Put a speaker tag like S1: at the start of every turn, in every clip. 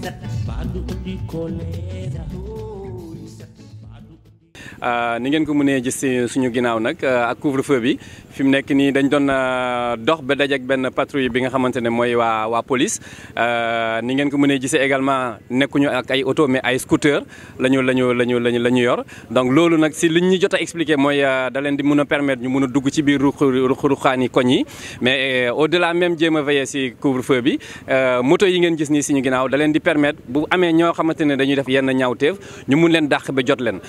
S1: ¡Se ha despado por colega!
S2: Euh, ni ngeen ko mënee gis si suñu ginnaaw nag euh, ak couvre-feu bi fi mu nekk nii dañ doon euh, dox ba dajeek benn patrouille bi nga xamante ne mooy waa waa police. ni ngeen ko mënee gisee également nekkuñu ak ay oto mais ay scooter la ñu la ñu la ñu la ñu yor donc loolu nag si liñ ñu jot a expliqué mooy da leen di mun a permettre ñu mun a dugg ci biir ruq ruqaani koñ yi mais au-delà même jéem a veiller si couvre-feu bi moto yi ngeen gis nii suñu ginnaaw da leen di permettre bu amee ñoo xamante ne dañuy def yenn ñaawteef ñu mun leen dàq ba jot leen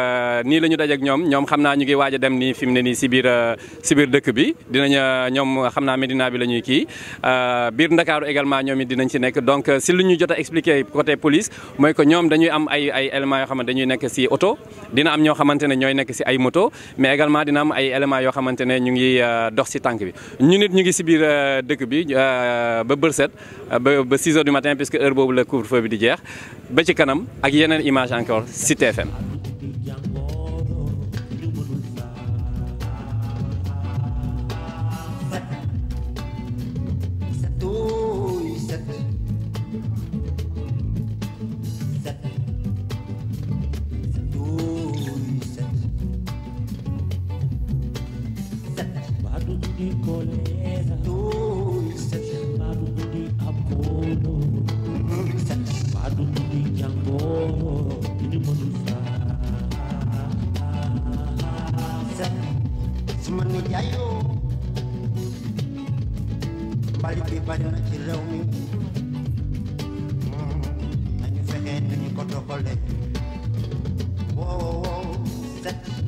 S2: Euh, ni lañu dajé ak ñom ñom xamna ñu ngi waja dem ni fim dina ne ni ci bir ci euh, bir dëkk bi dinañ euh, ñom xamna medina bi lañuy ki euh bir Ndakaaru également ñom dinañ ci nekk donc si luñu jotta expliquer côté police moy ko ñom dañuy am ay ay élément yo xamante dañuy nekk si auto, dina am ño xamante ne ñooy nekk si ay moto mais également dina am ay élément yo xamante ñu ngi dox ci tank bi ñu nit ñu ngi ci bir dëkk bi ba bër set ba 6 h du matin puisque heure bobu le couvre-feu bi di jeex ba ci kanam ak yenen image encore ci TFM
S1: की बोले रो Baru beli Apollo Baru beli Django Ini manusia Semani jayo Balik di balik nak cirau ni Nanyu fehen nanyu kodok kolek Wow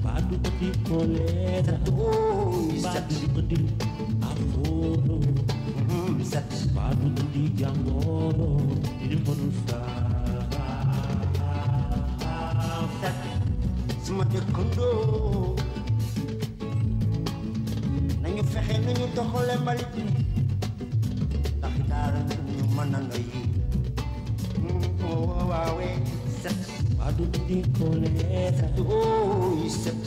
S1: Baru beli kolek Oh bisa di apodo bisa padu di jangoro ini manusia semakin kondo nañu fexé nañu doxale mbalit bi ndax dara ñu mëna noy waawe set padu di kolé set